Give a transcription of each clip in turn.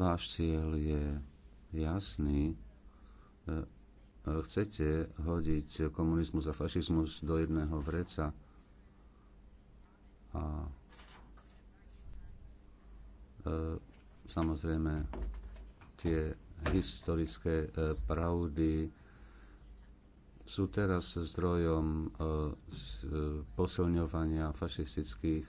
Váš cieľ je jasný. E, e, chcete hodiť komunizmus a fašizmus do jedného vreca a e, samozrejme tie historické pravdy sú teraz zdrojom posilňovania fašistických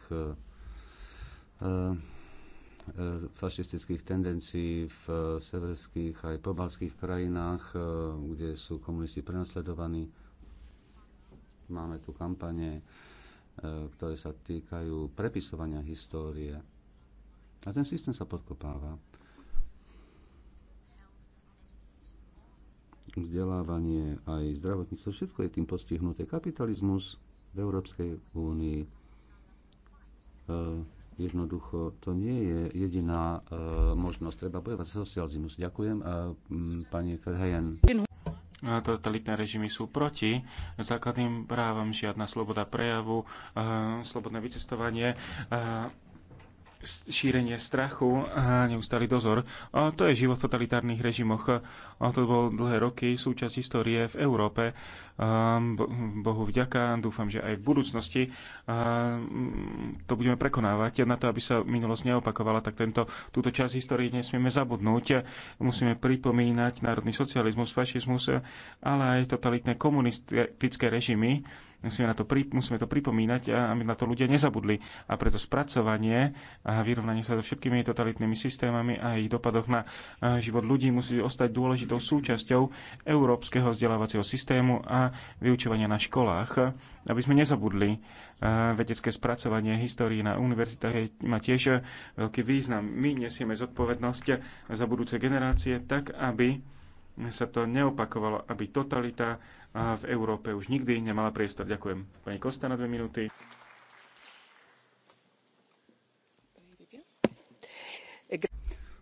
E, fašistických tendencií v severských aj pobalských krajinách, e, kde sú komunisti prenasledovaní. Máme tu kampane, e, ktoré sa týkajú prepisovania histórie. A ten systém sa podkopáva. Vzdelávanie aj zdravotníctvo, všetko je tým postihnuté. Kapitalizmus v Európskej únii Jednoducho, to nie je jediná uh, možnosť. Treba bojovať za socializmus. Ďakujem, e, pani Ferhejen. E, totalitné režimy sú proti základným právam, žiadna sloboda prejavu, uh, slobodné vycestovanie. Uh, šírenie strachu a neustály dozor. A to je život v totalitárnych režimoch. A to bolo dlhé roky súčasť histórie v Európe. Bohu vďaka, dúfam, že aj v budúcnosti mm, to budeme prekonávať. Na to, aby sa minulosť neopakovala, tak tento, túto časť histórie nesmieme zabudnúť. Musíme pripomínať národný socializmus, fašizmus, ale aj totalitné komunistické režimy, Musíme, na to, pri, musíme to pripomínať, aby na to ľudia nezabudli. A preto spracovanie a vyrovnanie sa so všetkými totalitnými systémami a ich dopadoch na život ľudí musí ostať dôležitou súčasťou európskeho vzdelávacieho systému a vyučovania na školách, aby sme nezabudli. Vedecké spracovanie histórii na univerzitách má tiež veľký význam. My nesieme zodpovednosť za budúce generácie tak, aby sa to neopakovalo, aby totalita v Európe už nikdy nemala priestor. Ďakujem. Pani Kosta na dve minúty.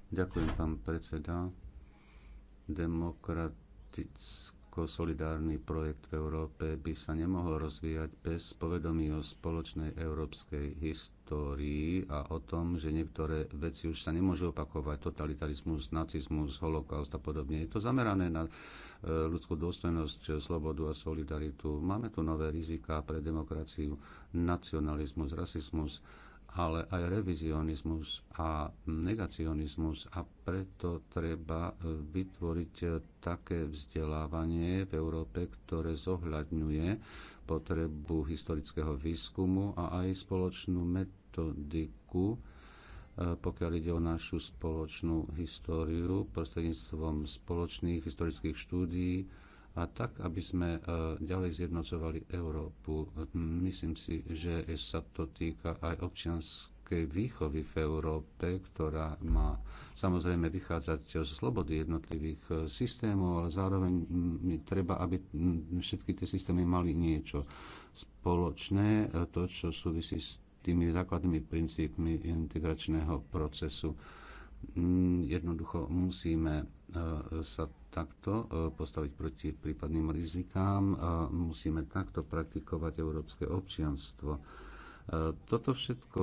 Ďakujem, pán predseda. Demokratické ako solidárny projekt v Európe by sa nemohol rozvíjať bez povedomí o spoločnej európskej histórii a o tom, že niektoré veci už sa nemôžu opakovať, totalitarizmus, nacizmus, holokaust a podobne. Je to zamerané na e, ľudskú dôstojnosť, slobodu a solidaritu. Máme tu nové riziká pre demokraciu, nacionalizmus, rasizmus ale aj revizionizmus a negacionizmus a preto treba e, vytvoriť e, také vzdelávanie v Európe, ktoré zohľadňuje potrebu historického výskumu a aj spoločnú metodiku, e, pokiaľ ide o našu spoločnú históriu prostredníctvom spoločných historických štúdií, a tak, aby sme e, ďalej zjednocovali Európu. Myslím si, že sa to týka aj občianskej výchovy v Európe, ktorá má samozrejme vychádzať zo slobody jednotlivých e, systémov, ale zároveň treba, aby všetky tie systémy mali niečo spoločné, e, to, čo súvisí s tými základnými princípmi integračného procesu. Jednoducho musíme E, sa takto e, postaviť proti prípadným rizikám. Musíme takto praktikovať európske občianstvo. E, toto všetko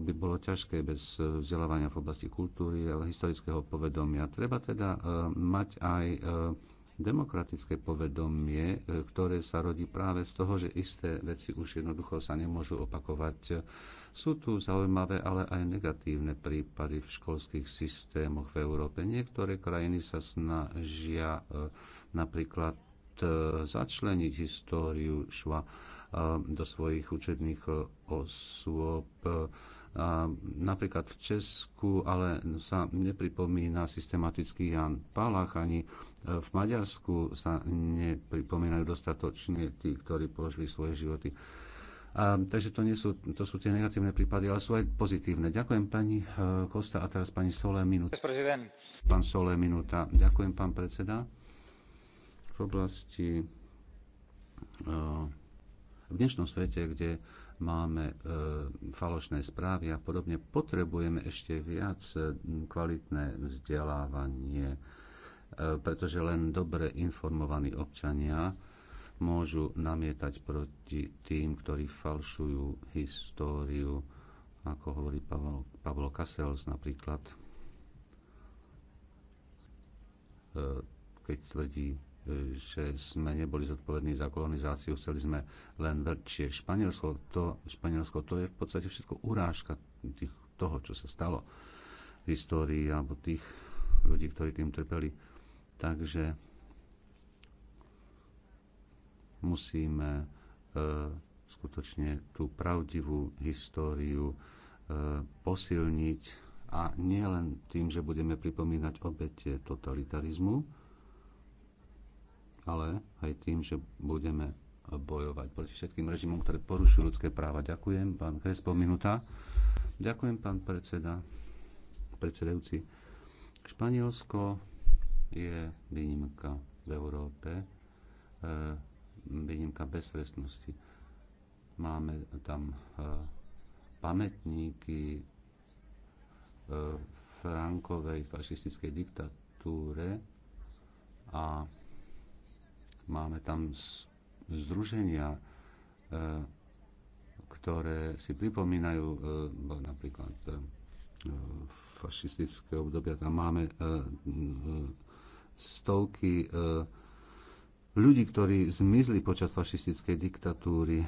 by bolo ťažké bez vzdelávania v oblasti kultúry a historického povedomia. Treba teda mať aj demokratické povedomie, e, ktoré sa rodí práve z toho, že isté veci už jednoducho sa nemôžu opakovať. Sú tu zaujímavé, ale aj negatívne prípady v školských systémoch v Európe. Niektoré krajiny sa snažia e, napríklad e, začleniť históriu šva do svojich učebných osôb a napríklad v Česku ale sa nepripomína systematicky Jan Palach, ani e, v Maďarsku sa nepripomínajú dostatočne tí, ktorí položili svoje životy. A, takže to, nie sú, to sú tie negatívne prípady, ale sú aj pozitívne. Ďakujem pani e, Kosta a teraz pani Solé minúta. Pán Solé minúta. Ďakujem pán predseda. V oblasti e, v dnešnom svete, kde máme e, falošné správy a podobne, potrebujeme ešte viac e, kvalitné vzdelávanie, e, pretože len dobre informovaní občania môžu namietať proti tým, ktorí falšujú históriu, ako hovorí Pavlo, Pavlo napríklad, e, keď tvrdí, že sme neboli zodpovední za kolonizáciu, chceli sme len väčšie. Španielsko to, Španielsko to je v podstate všetko urážka tých, toho, čo sa stalo v histórii alebo tých ľudí, ktorí tým trpeli. Takže musíme e, skutočne tú pravdivú históriu e, posilniť a nielen tým, že budeme pripomínať obete totalitarizmu, ale aj tým, že budeme bojovať proti všetkým režimom, ktoré porušujú ľudské práva. Ďakujem, pán Krespo, minúta. Ďakujem, pán predseda, predsedajúci. Španielsko je výnimka v Európe, eh, výnimka beztrestnosti. Máme tam eh, pamätníky eh, Frankovej fašistickej diktatúre a Máme tam združenia, e, ktoré si pripomínajú e, napríklad e, fašistické obdobia. Tam máme stovky ľudí, ktorí zmizli počas fašistickej diktatúry,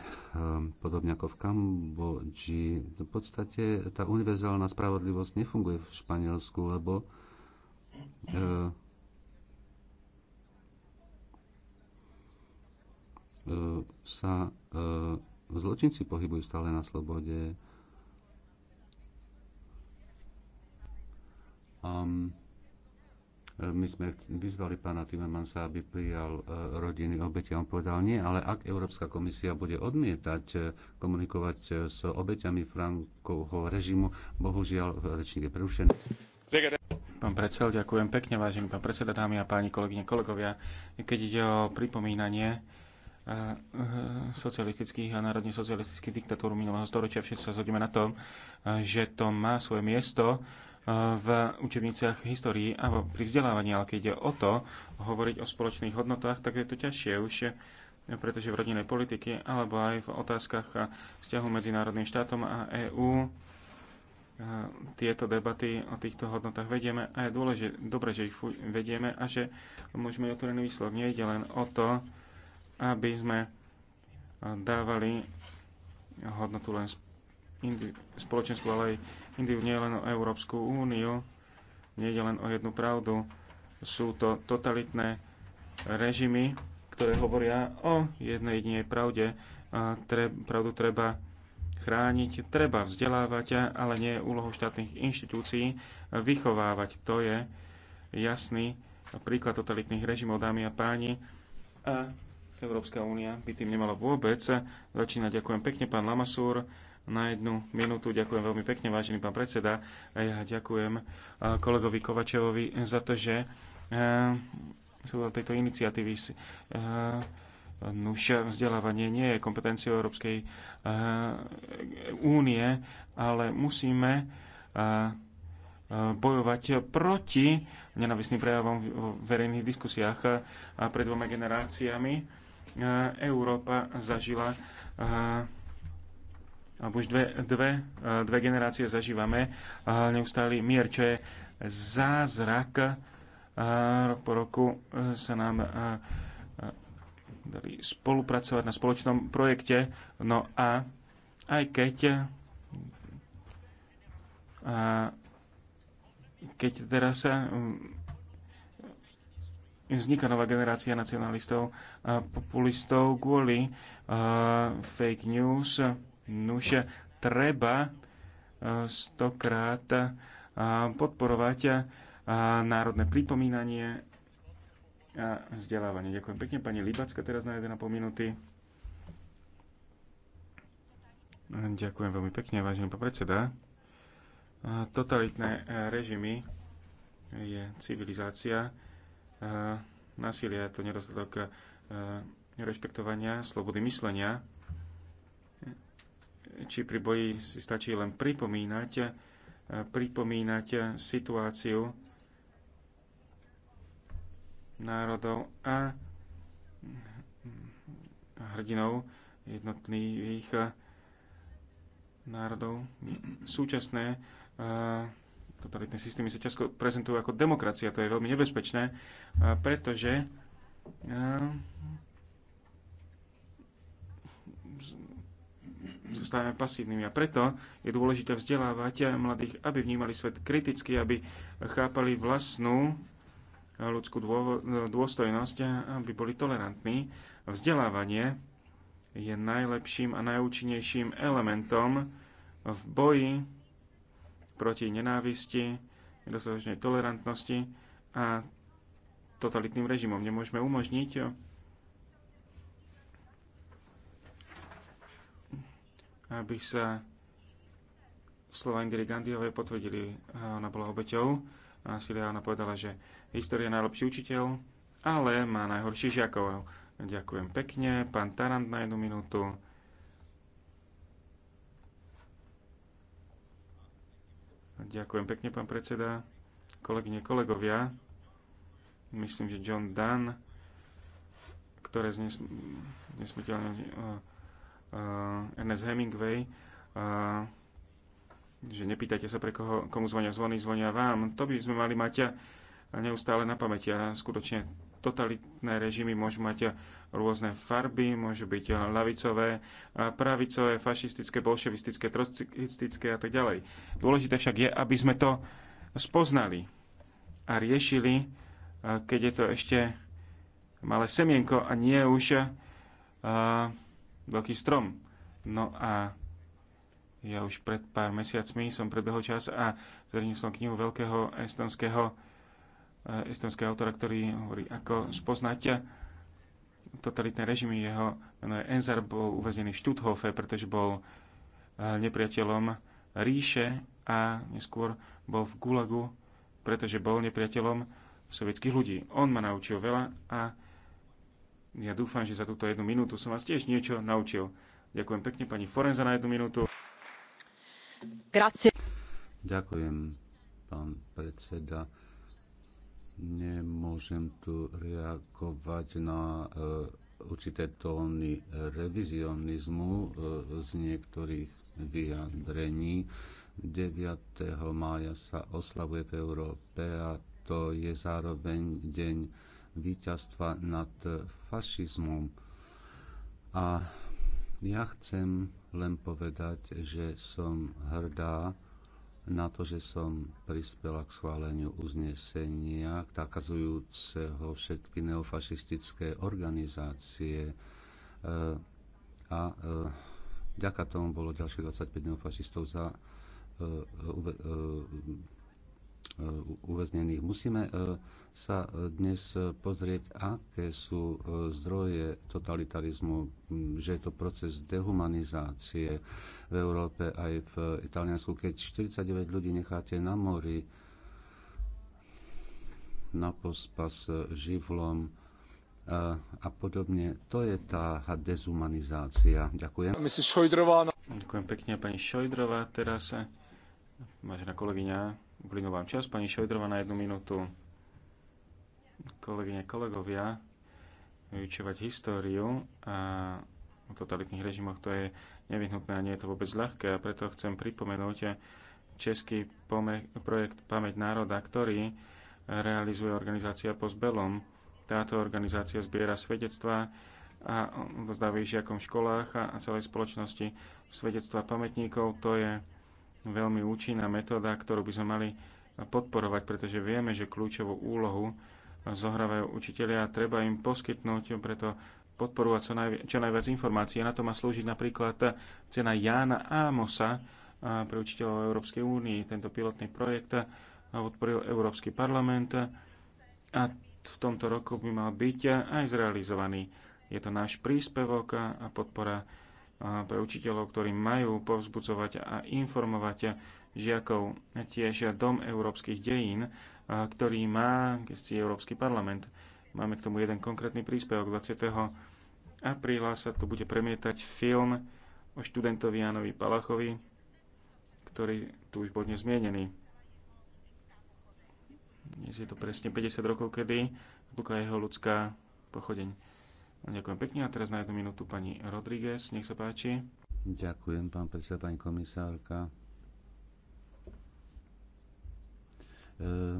podobne ako v Kambodži. V podstate tá univerzálna spravodlivosť nefunguje v Španielsku, lebo E, sa e, zločinci pohybujú stále na slobode. Um, my sme vyzvali pána Timmermansa, aby prijal rodiny obete. On povedal nie, ale ak Európska komisia bude odmietať komunikovať s obeťami Frankovho režimu, bohužiaľ rečník je prerušený. Pán predseda, ďakujem pekne, vážený pán predseda, dámy a páni, kolegyne, kolegovia. Keď ide o pripomínanie socialistických a národne eh, socialistických diktatúr minulého storočia. Všetci sa zhodneme na tom, eh, že to má svoje miesto eh, v učebniciach histórii a pri vzdelávaní, ale keď ide o to hovoriť o spoločných hodnotách, tak je to ťažšie už, pretože v rodinnej politike alebo aj v otázkach vzťahu medzi národným štátom a EÚ tieto debaty o týchto hodnotách vedieme a je dôležité, dobre, že ich vedieme a že môžeme otvorený výsledok. Nejde len o to, aby sme dávali hodnotu len spoločenstvu, ale aj Indiu, nie len o Európsku úniu, nie je len o jednu pravdu. Sú to totalitné režimy, ktoré hovoria o jednej jedinej pravde. pravdu treba chrániť, treba vzdelávať, ale nie je úlohou štátnych inštitúcií vychovávať. To je jasný príklad totalitných režimov, dámy a páni. A Európska únia by tým nemala vôbec začínať. Ďakujem pekne, pán Lamasúr. Na jednu minútu ďakujem veľmi pekne, vážený pán predseda. A ja ďakujem eh, kolegovi Kovačevovi za to, že eh, sú tejto iniciatívy eh, Nuž, vzdelávanie nie je kompetenciou Európskej únie, ale musíme bojovať proti nenavisným prejavom v verejných diskusiách. pred dvoma generáciami Eh, Európa zažila eh, alebo už dve, dve, eh, dve generácie zažívame neustály mier, čo je zázrak. Rok po roku sa nám dali spolupracovať na spoločnom projekte. No a aj keď keď teraz sa vzniká nová generácia nacionalistov a populistov kvôli uh, fake news. Nuž treba stokrát podporovať národné pripomínanie a vzdelávanie. Ďakujem pekne. Pani Libacka teraz na 1,5 minúty. Ďakujem veľmi pekne, vážený pán predseda. Totalitné e, režimy je civilizácia, násilia, je to nedostatok e, rešpektovania, slobody myslenia, či pri boji si stačí len pripomínať, e, pripomínať situáciu národov a hrdinov jednotlivých e, národov. Súčasné totalitné systémy sa ťažko prezentujú ako demokracia. To je veľmi nebezpečné, pretože zostávame pasívnymi. A preto je dôležité vzdelávať mladých, aby vnímali svet kriticky, aby chápali vlastnú ľudskú dôstojnosť, aby boli tolerantní. Vzdelávanie je najlepším a najúčinnejším elementom v boji proti nenávisti, nedostatočnej tolerantnosti a totalitným režimom. Nemôžeme umožniť aby sa slova Indiry Gandhiovej potvrdili. Ona bola obeťou a Silia ona povedala, že história je najlepší učiteľ, ale má najhorší žiakov. Ďakujem pekne. Pán Tarant na jednu minútu. Ďakujem pekne, pán predseda. Kolegyne, kolegovia, myslím, že John Dunn, ktoré znes, nesmiteľne uh, eh, uh, eh, Ernest Hemingway, uh, že nepýtajte sa, pre koho, komu zvonia zvony, zvonia vám. To by sme mali mať neustále na pamäti a skutočne totalitné režimy môžu mať rôzne farby, môžu byť lavicové, pravicové, fašistické, bolševistické, trocistické a tak ďalej. Dôležité však je, aby sme to spoznali a riešili, keď je to ešte malé semienko a nie už veľký strom. No a ja už pred pár mesiacmi som prebehol čas a zverejnil som knihu veľkého estonského Eh, estonského autora, ktorý hovorí, ako spoznať totalitné režimy. Jeho meno Enzar bol uväznený v Stutthofe, pretože bol eh, nepriateľom ríše a neskôr bol v Gulagu, pretože bol nepriateľom sovietských ľudí. On ma naučil veľa a ja dúfam, že za túto jednu minútu som vás tiež niečo naučil. Ďakujem pekne pani Forenza na jednu minútu. Grazie. Ďakujem, pán predseda. Nemôžem tu reagovať na e, určité tóny revizionizmu e, z niektorých vyjadrení. 9. mája sa oslavuje v Európe a to je zároveň deň víťazstva nad fašizmom. A ja chcem len povedať, že som hrdá na to, že som prispela k schváleniu uznesenia takazujúceho všetky neofašistické organizácie e, a e, ďaká tomu bolo ďalších 25 neofašistov za e, uväznených. Musíme e, sa e, dnes e, pozrieť, aké sú zdroje totalitarizmu, že je to proces dehumanizácie v Európe aj v Taliansku. Keď 49 ľudí necháte na mori, na pospas živlom a podobne. To je tá dezumanizácia. Ďakujem. Ďakujem pekne, pani Šojdrová. Teraz vážená kolegyňa Uplynul vám čas, pani Šojdrova, na jednu minútu. Kolegyne, kolegovia, vyučovať históriu a o totalitných režimoch to je nevyhnutné a nie je to vôbec ľahké a preto chcem pripomenúť český projekt Pamäť národa, ktorý realizuje organizácia Pozbelom. Táto organizácia zbiera svedectvá a zdávajú žiakom v školách a celej spoločnosti. Svedectva pamätníkov to je veľmi účinná metóda, ktorú by sme mali podporovať, pretože vieme, že kľúčovú úlohu zohrávajú učiteľia a treba im poskytnúť preto podporu a čo, najvi- čo najviac informácií. Na to má slúžiť napríklad cena Jána Ámosa pre učiteľov Európskej únii. Tento pilotný projekt odporil Európsky parlament a v tomto roku by mal byť aj zrealizovaný. Je to náš príspevok a podpora pre učiteľov, ktorí majú povzbudzovať a informovať žiakov. Tiež Dom európskych dejín, ktorý má gestii Európsky parlament. Máme k tomu jeden konkrétny príspevok. 20. apríla sa tu bude premietať film o študentovi Jánovi Palachovi, ktorý tu už bol dnes zmienený. Dnes je to presne 50 rokov, kedy vznikla jeho ľudská pochodeň Ďakujem pekne a teraz na jednu minútu pani Rodriguez, nech sa páči. Ďakujem, pán predseda, pani komisárka. E,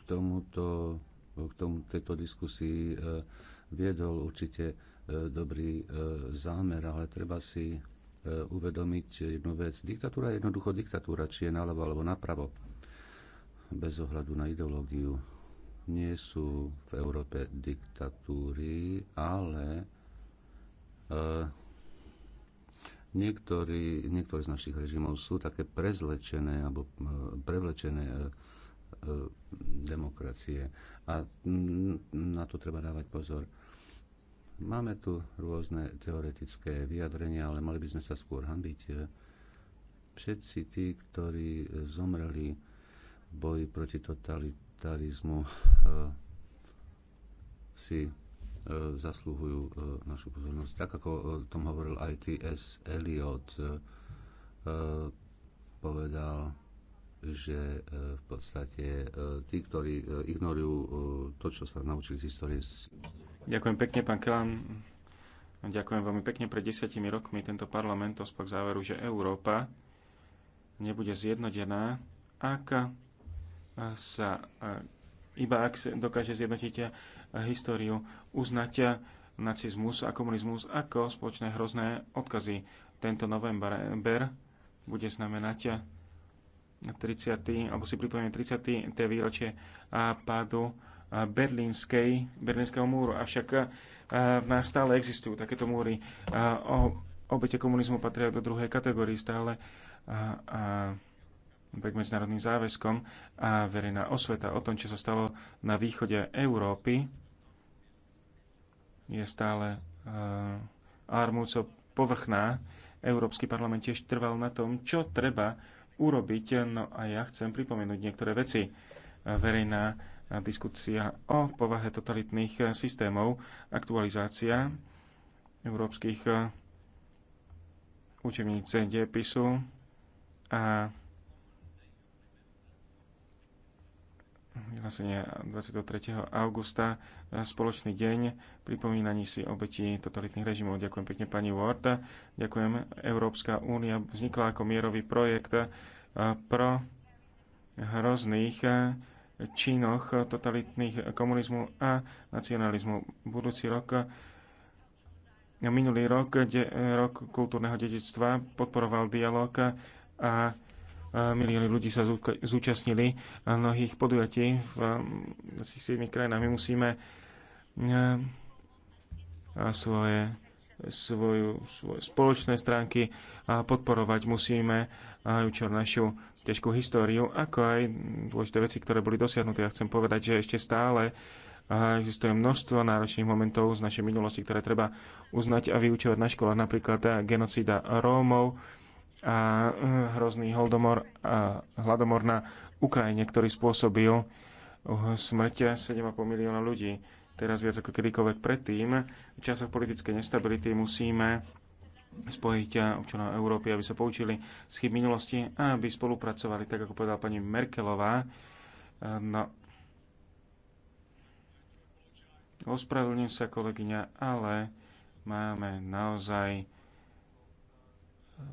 k tomuto, k tomu, tejto diskusii e, viedol určite e, dobrý zámer, ale treba si uvedomiť jednu vec. Diktatúra je jednoducho diktatúra, či je naľavo alebo napravo, bez ohľadu na ideológiu nie sú v Európe diktatúry, ale e, niektorí, niektorí z našich režimov sú také prezlečené alebo prevlečené e, e, demokracie. A na to treba dávať pozor. Máme tu rôzne teoretické vyjadrenia, ale mali by sme sa skôr hambiť. Všetci tí, ktorí zomreli v boji proti totalitu, totalitarizmu e, si e, zasluhujú e, našu pozornosť. Tak ako o tom hovoril aj T.S. Eliot, povedal, že v podstate tí, ktorí ignorujú to, čo sa naučili z histórie. Ďakujem pekne, pán Kelan. Ďakujem veľmi pekne. Pred desiatimi rokmi tento parlament dospel záveru, že Európa nebude zjednodená, ak sa iba ak dokáže zjednotiť históriu, uznať nacizmus a komunizmus ako spoločné hrozné odkazy. Tento november bude znamenať 30. alebo si pripomínam 30. výročie pádu berlínskej, berlínskeho múru. Avšak v nás stále existujú takéto múry. O obete komunizmu patria do druhej kategórii stále. A, a, k medzinárodným záväzkom a verejná osveta o tom, čo sa stalo na východe Európy, je stále uh, eh, armúco povrchná. Európsky parlament tiež trval na tom, čo treba urobiť. No a ja chcem pripomenúť niektoré veci. Verejná diskusia o povahe totalitných eh, systémov, aktualizácia európskych eh, učebníc dejepisu a vyhlásenie 23. augusta, e, spoločný deň pripomínaní si obetí totalitných režimov. Ďakujem pekne pani Ward. Ďakujem. Európska únia vznikla ako mierový projekt e, pro hrozných e, činoch totalitných komunizmu a nacionalizmu. Budúci rok minulý rok, de, rok kultúrneho dedictva, podporoval dialog a milióny ľudí sa zúčastnili mnohých podujatí v 7 um, krajinách. My musíme um, svoje, svoju, svoje spoločné stránky podporovať. Musíme učiť našu ťažkú históriu, ako aj dôležité veci, ktoré boli dosiahnuté. Ja chcem povedať, že ešte stále existuje množstvo náročných momentov z našej minulosti, ktoré treba uznať a vyučovať na školách, napríklad genocída Rómov, a e, hrozný holdomor a hladomor na Ukrajine, ktorý spôsobil e, smrť 7,5 milióna ľudí. Teraz viac ako kedykoľvek predtým, v časoch politickej nestability musíme spojiť e, občanov Európy, aby sa poučili z chyb minulosti a aby spolupracovali, tak ako povedala pani Merkelová. No, ospravedlňujem sa, kolegyňa, ale máme naozaj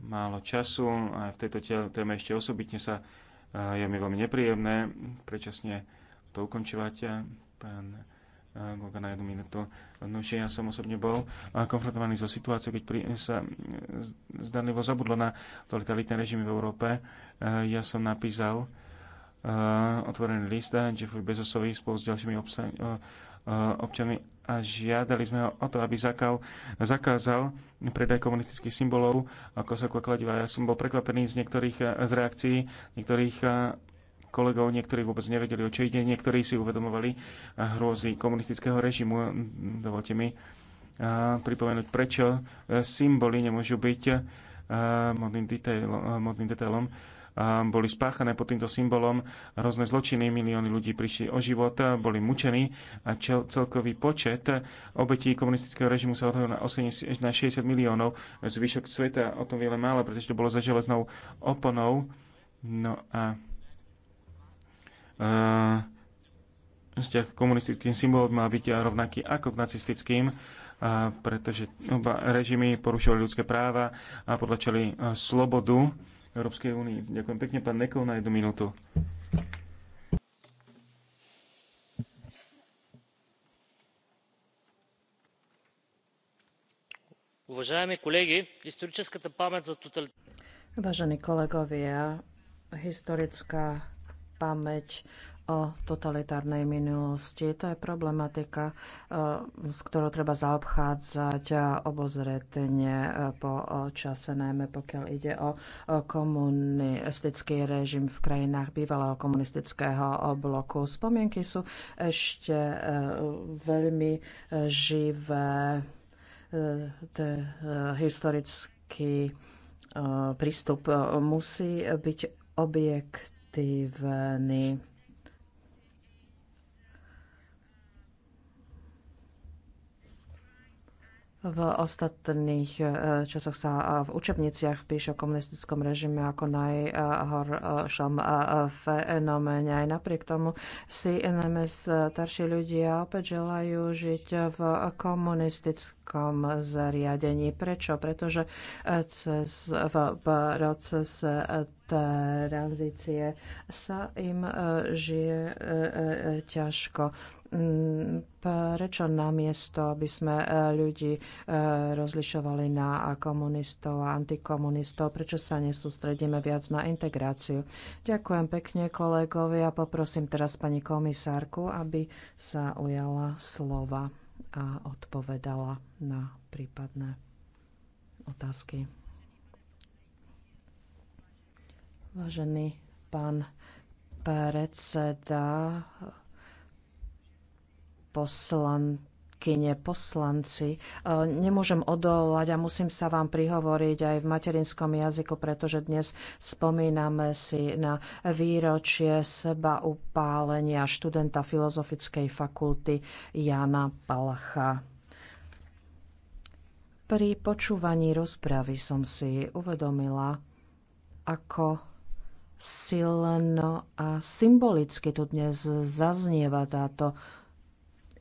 málo času a v tejto téme ešte osobitne sa je mi veľmi nepríjemné prečasne to ukončovať. Pán Goga na jednu minútu. No, ja som osobne bol konfrontovaný so situáciou, keď pri, sa zdanlivo zabudlo na totalitné režimy v Európe. Ja som napísal otvorený list Jeffrey Bezosovi spolu s ďalšími občanmi a žiadali sme ho o to, aby zakal, zakázal predaj komunistických symbolov ako sa kladiva. Ja som bol prekvapený z niektorých eh, z reakcií, niektorých eh, kolegov, niektorí vôbec nevedeli, o čo ide, niektorí si uvedomovali eh, hrôzy komunistického režimu. Hm, dovolte mi pripomenúť, prečo symboly nemôžu byť modným detailom. Modným detailom boli spáchané pod týmto symbolom rôzne zločiny, milióny ľudí prišli o život, boli mučení a čel, celkový počet obetí komunistického režimu sa odhodol na, na 60 miliónov. Zvyšok sveta o tom vie len málo, pretože to bolo za železnou oponou. No a uh, vzťah komunistickým symbolom má byť rovnaký ako k nacistickým, e, pretože oba režimy porušovali ľudské práva a potlačali e, slobodu Európskej únii. Ďakujem pekne, pán Nekov, na jednu minútu. Уважаеми колеги, историческата памет за тоталитарните... Vážení kolegovia, historická pamäť o totalitárnej minulosti. To je problematika, e, s ktorou treba zaobchádzať e, obozretne e, po čase, najmä pokiaľ ide o komunistický režim v krajinách bývalého komunistického bloku. Spomienky sú ešte veľmi živé. ten historický prístup musí byť objektívny V ostatných e, časoch sa e, v učebniciach píše o komunistickom režime ako najhoršom e, fenoméne. Aj napriek tomu si NMS starší ľudia opäť želajú žiť v komunistickom zariadení. Prečo? Pretože cez, v proces tranzície sa im žije ťažko. Mm, prečo namiesto, aby sme e, ľudí e, rozlišovali na komunistov a antikomunistov, prečo sa nesústredíme viac na integráciu? Ďakujem pekne kolegovi a poprosím teraz pani komisárku, aby sa ujala slova a odpovedala na prípadné otázky. Vážený pán predseda, kine poslanci. E, nemôžem odolať a musím sa vám prihovoriť aj v materinskom jazyku, pretože dnes spomíname si na výročie seba upálenia študenta Filozofickej fakulty Jana Palacha. Pri počúvaní rozpravy som si uvedomila, ako silno a symbolicky tu dnes zaznieva táto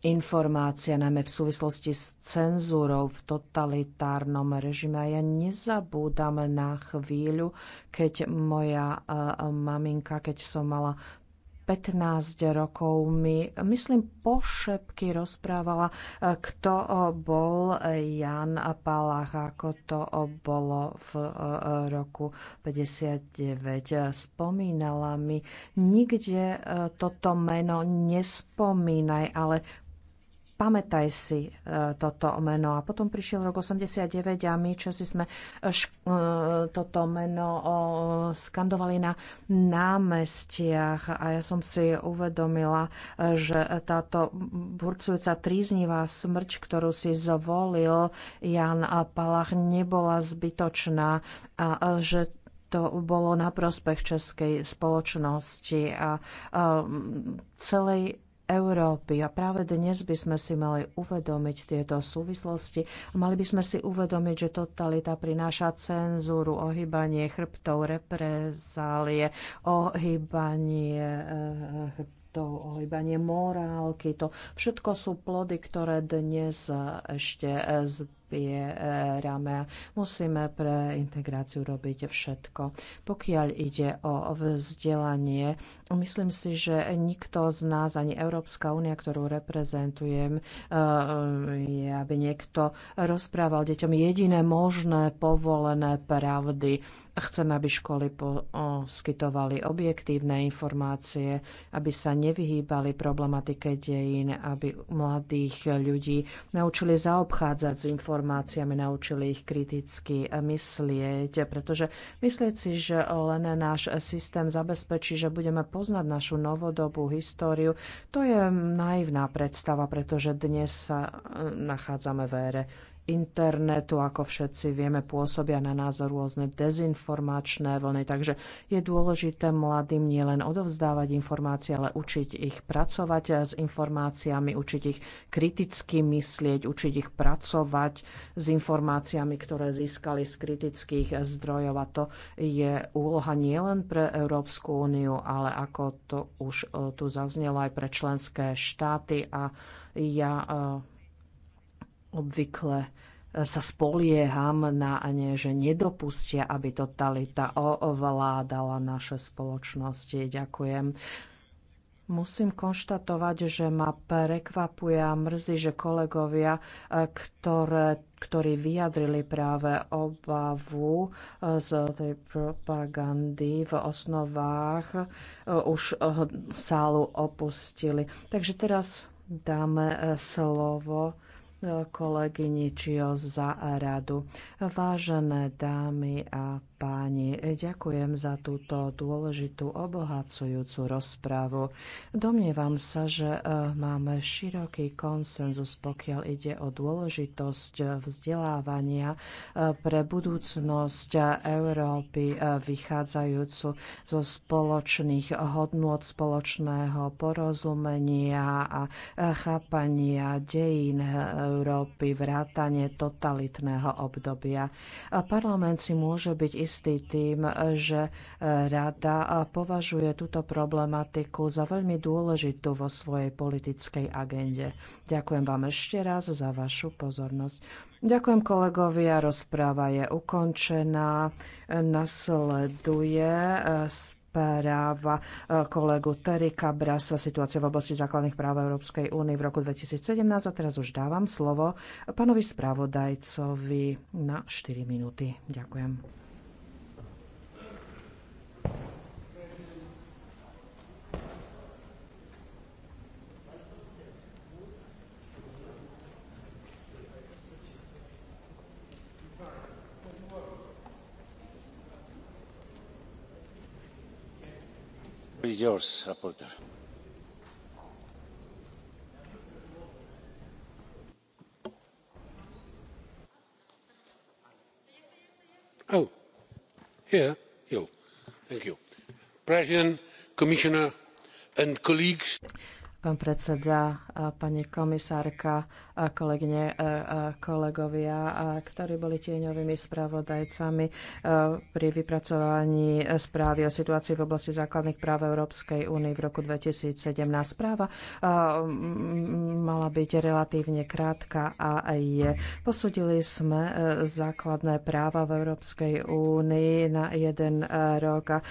informácia, najmä v súvislosti s cenzúrou v totalitárnom režime. A ja nezabúdam na chvíľu, keď moja eh, maminka, keď som mala 15 rokov mi, myslím, pošepky rozprávala, eh, kto eh, bol Jan Palach, ako to bolo v roku 59. Spomínala mi, nikde toto meno nespomínaj, ale Pamätaj si e, toto meno. A potom prišiel rok 89 a my Česi sme e, e, toto meno skandovali na námestiach. A ja som si uvedomila, že táto burcujúca tríznivá smrť, ktorú si zvolil Jan Palach, nebola zbytočná a že to bolo na prospech českej spoločnosti a, a celej Európy. A práve dnes by sme si mali uvedomiť tieto súvislosti. Mali by sme si uvedomiť, že totalita prináša cenzúru, ohýbanie chrbtov, reprezálie, ohýbanie eh, chrbtov to ohýbanie morálky, to všetko sú plody, ktoré dnes eh, ešte eh, popierame. Eh, musíme pre integráciu robiť všetko. Pokiaľ ide o vzdelanie, myslím si, že nikto z nás, ani Európska únia, ktorú reprezentujem, eh, je, aby niekto rozprával deťom jediné možné povolené pravdy. Chceme, aby školy poskytovali objektívne informácie, aby sa nevyhýbali problematike dejín, aby mladých ľudí naučili zaobchádzať s informáciami informáciami, naučili ich kriticky myslieť, pretože myslieť si, že len náš systém zabezpečí, že budeme poznať našu novodobú históriu, to je naivná predstava, pretože dnes sa nachádzame v ére internetu, ako všetci vieme, pôsobia na nás rôzne dezinformačné vlny, takže je dôležité mladým nielen odovzdávať informácie, ale učiť ich pracovať s informáciami, učiť ich kriticky myslieť, učiť ich pracovať s informáciami, ktoré získali z kritických zdrojov. A to je úloha nielen pre Európsku úniu, ale ako to už tu zaznelo aj pre členské štáty. A ja eh, Obvykle e, sa spolieham na ne, že nedopustia, aby totalita ovládala naše spoločnosti. Ďakujem. Musím konštatovať, že ma prekvapuje a mrzí, že kolegovia, e, ktoré, ktorí vyjadrili práve obavu e, z tej propagandy v osnovách, už sálu opustili. Takže teraz dáme slovo kolegyni Čio za radu. Vážené dámy a páni, ďakujem za túto dôležitú obohacujúcu rozprávu. Domnievam sa, že e, máme široký konsenzus, pokiaľ ide o dôležitosť vzdelávania e, pre budúcnosť Európy e, vychádzajúcu zo spoločných hodnôt, spoločného porozumenia a chápania dejín Európy, vrátanie totalitného obdobia. Parlament si môže byť istý tým, že e, rada e, považuje túto problematiku za veľmi dôležitú vo svojej politickej agende. Ďakujem vám ešte raz za vašu pozornosť. Ďakujem a rozpráva je ukončená. Nasleduje e, správa kolegu Terika Brasa, situácia v oblasti základných práv Európskej únie v roku 2017. A teraz už dávam slovo pánovi správodajcovi na 4 minúty. Ďakujem. is oh, president commissioner and colleagues pán predseda, pani komisárka kolegyne a kolegovia, ktorí boli tieňovými spravodajcami pri vypracovaní správy o situácii v oblasti základných práv Európskej únie v roku 2017. Správa mala byť relatívne krátka a je. Posudili sme e, základné práva v Európskej únii na jeden e, rok a e,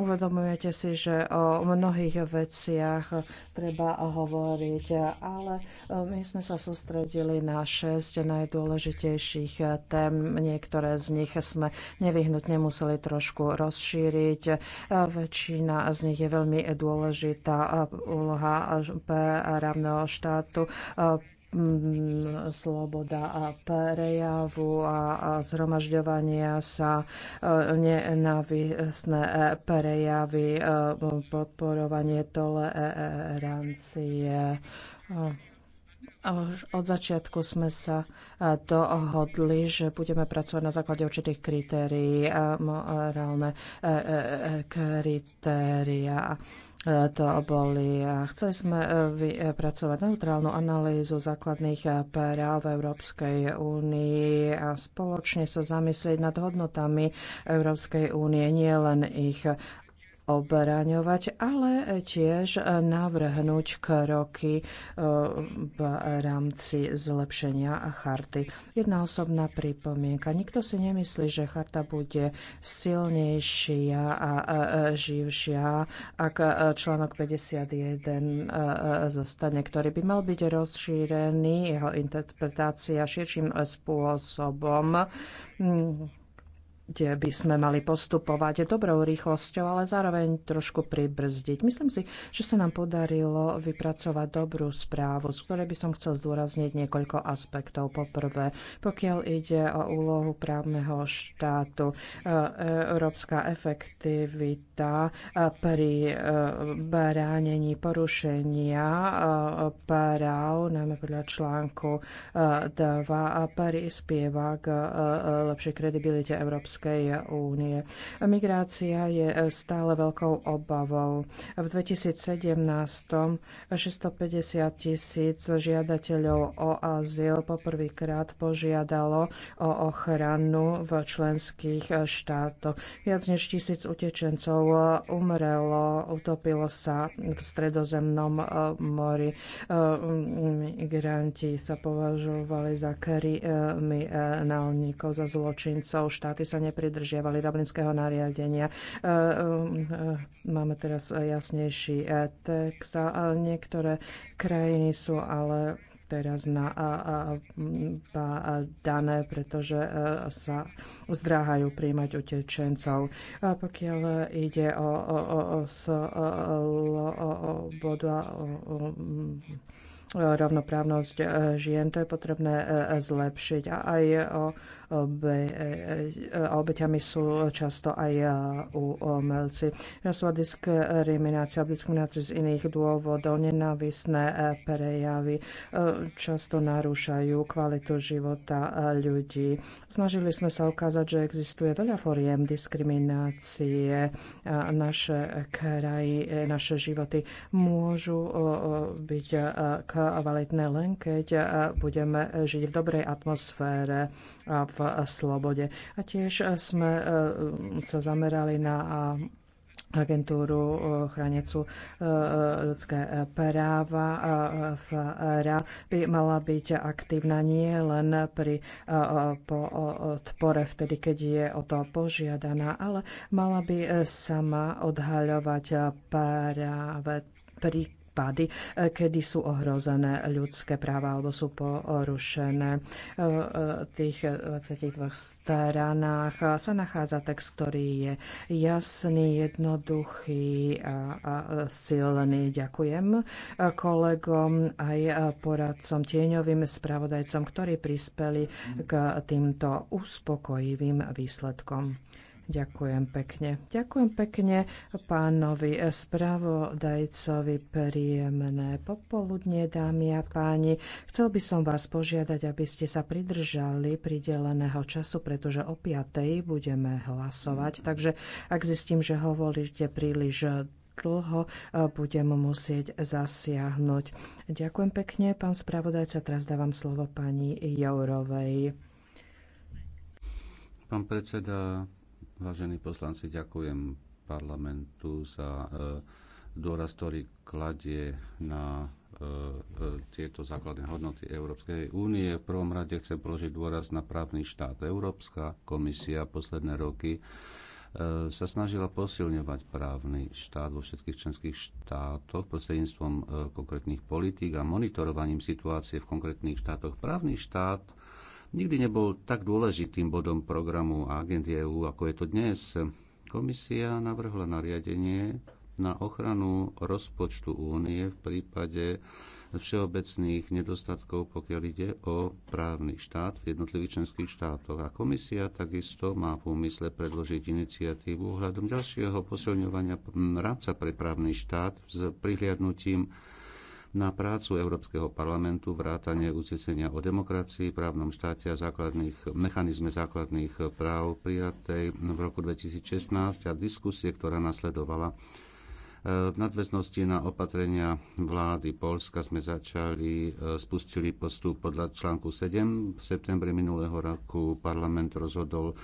uvedomujete si, že o mnohých veciach treba hovoriť, ale my sme sa sústredili na šesť najdôležitejších tém. Niektoré z nich sme nevyhnutne museli trošku rozšíriť. Väčšina z nich je veľmi dôležitá úloha právneho štátu sloboda a prejavu a zhromažďovania sa, nenávisné prejavy, podporovanie tolerancie. Od začiatku sme sa dohodli, že budeme pracovať na základe určitých kritérií, morálne e, e, e, kritéria to boli. Chceli sme vypracovať neutrálnu analýzu základných práv v Európskej únii a spoločne sa zamyslieť nad hodnotami Európskej únie, nie len ich obraňovať, ale tiež navrhnúť kroky eh, v rámci zlepšenia charty. Jedna osobná pripomienka. Nikto si nemyslí, že charta bude silnejšia a živšia, ak eh, článok 51 eh, zostane, ktorý by mal byť rozšírený, jeho interpretácia širším spôsobom hm, kde by sme mali postupovať dobrou rýchlosťou, ale zároveň trošku pribrzdiť. Myslím si, že sa nám podarilo vypracovať dobrú správu, z ktorej by som chcel zdôrazniť niekoľko aspektov. Poprvé, pokiaľ ide o úlohu právneho štátu, e, európska efektivita e, pri e, bránení porušenia práv, najmä podľa článku 2, prispieva k lepšej kredibilite Európskej Európskej únie. Migrácia je stále veľkou obavou. V 2017 650 tisíc žiadateľov o azyl poprvýkrát požiadalo o ochranu v členských štátoch. Viac než tisíc utečencov umrelo, utopilo sa v stredozemnom e, mori. E, migranti sa považovali za kriminálnikov, za zločincov. Štáty sa nepridržiavali Dublinského nariadenia. E, e, e, máme teraz jasnejší text ale niektoré krajiny sú ale teraz na a, a, a, a dané, pretože sa zdráhajú príjmať utečencov. A pokiaľ ide o, o, o, o, o bodu a o, o, rovnoprávnosť žien, to je potrebné zlepšiť. A aj o, obe, a e, e, obeťami sú často aj e, umelci. Rasová diskriminácia, diskriminácia z iných dôvodov, nenávisné prejavy často narúšajú kvalitu života ľudí. Snažili sme sa ukázať, že existuje veľa foriem diskriminácie. Naše kraji, naše životy môžu byť kvalitné len keď budeme žiť v dobrej atmosfére a v slobode. A tiež eh, sme eh, sa zamerali na agentúru eh, chránecu ľudské práva RA, by mala byť aktívna nie len pri podpore vtedy, keď je o to požiadaná, ale mala by sama odhaľovať práve pri prípady, e, kedy sú ohrozené ľudské práva alebo sú porušené. V e, e, tých 22 stranách sa nachádza text, ktorý je jasný, jednoduchý a silný. Ďakujem kolegom aj poradcom, tieňovým spravodajcom, ktorí prispeli k týmto uspokojivým výsledkom. Ďakujem pekne. Ďakujem pekne pánovi spravodajcovi. Príjemné popoludne, dámy a páni. Chcel by som vás požiadať, aby ste sa pridržali prideleného času, pretože o 5. budeme hlasovať. Takže ak zistím, že hovoríte príliš dlho budem musieť zasiahnuť. Ďakujem pekne, pán spravodajca. Teraz dávam slovo pani Jourovej. Pán predseda, Vážení poslanci, ďakujem parlamentu za e, dôraz, ktorý kladie na e, e, tieto základné hodnoty Európskej únie. V prvom rade chcem položiť dôraz na právny štát. Európska komisia posledné roky sa snažila posilňovať právny štát vo všetkých členských štátoch prostredníctvom konkrétnych politík a monitorovaním situácie v konkrétnych štátoch. Právny štát nikdy nebol tak dôležitým bodom programu a agendy EÚ, ako je to dnes. Komisia navrhla nariadenie na ochranu rozpočtu únie v prípade všeobecných nedostatkov, pokiaľ ide o právny štát v jednotlivých členských štátoch. A komisia takisto má v úmysle predložiť iniciatívu ohľadom ďalšieho posilňovania rámca pre právny štát s prihliadnutím na prácu Európskeho parlamentu vrátane ucesenia o demokracii, právnom štáte a základných, mechanizme základných práv prijatej v roku 2016 a diskusie, ktorá nasledovala v nadväznosti na opatrenia vlády Polska sme začali, e, spustili postup podľa článku 7. V septembri minulého roku parlament rozhodol e,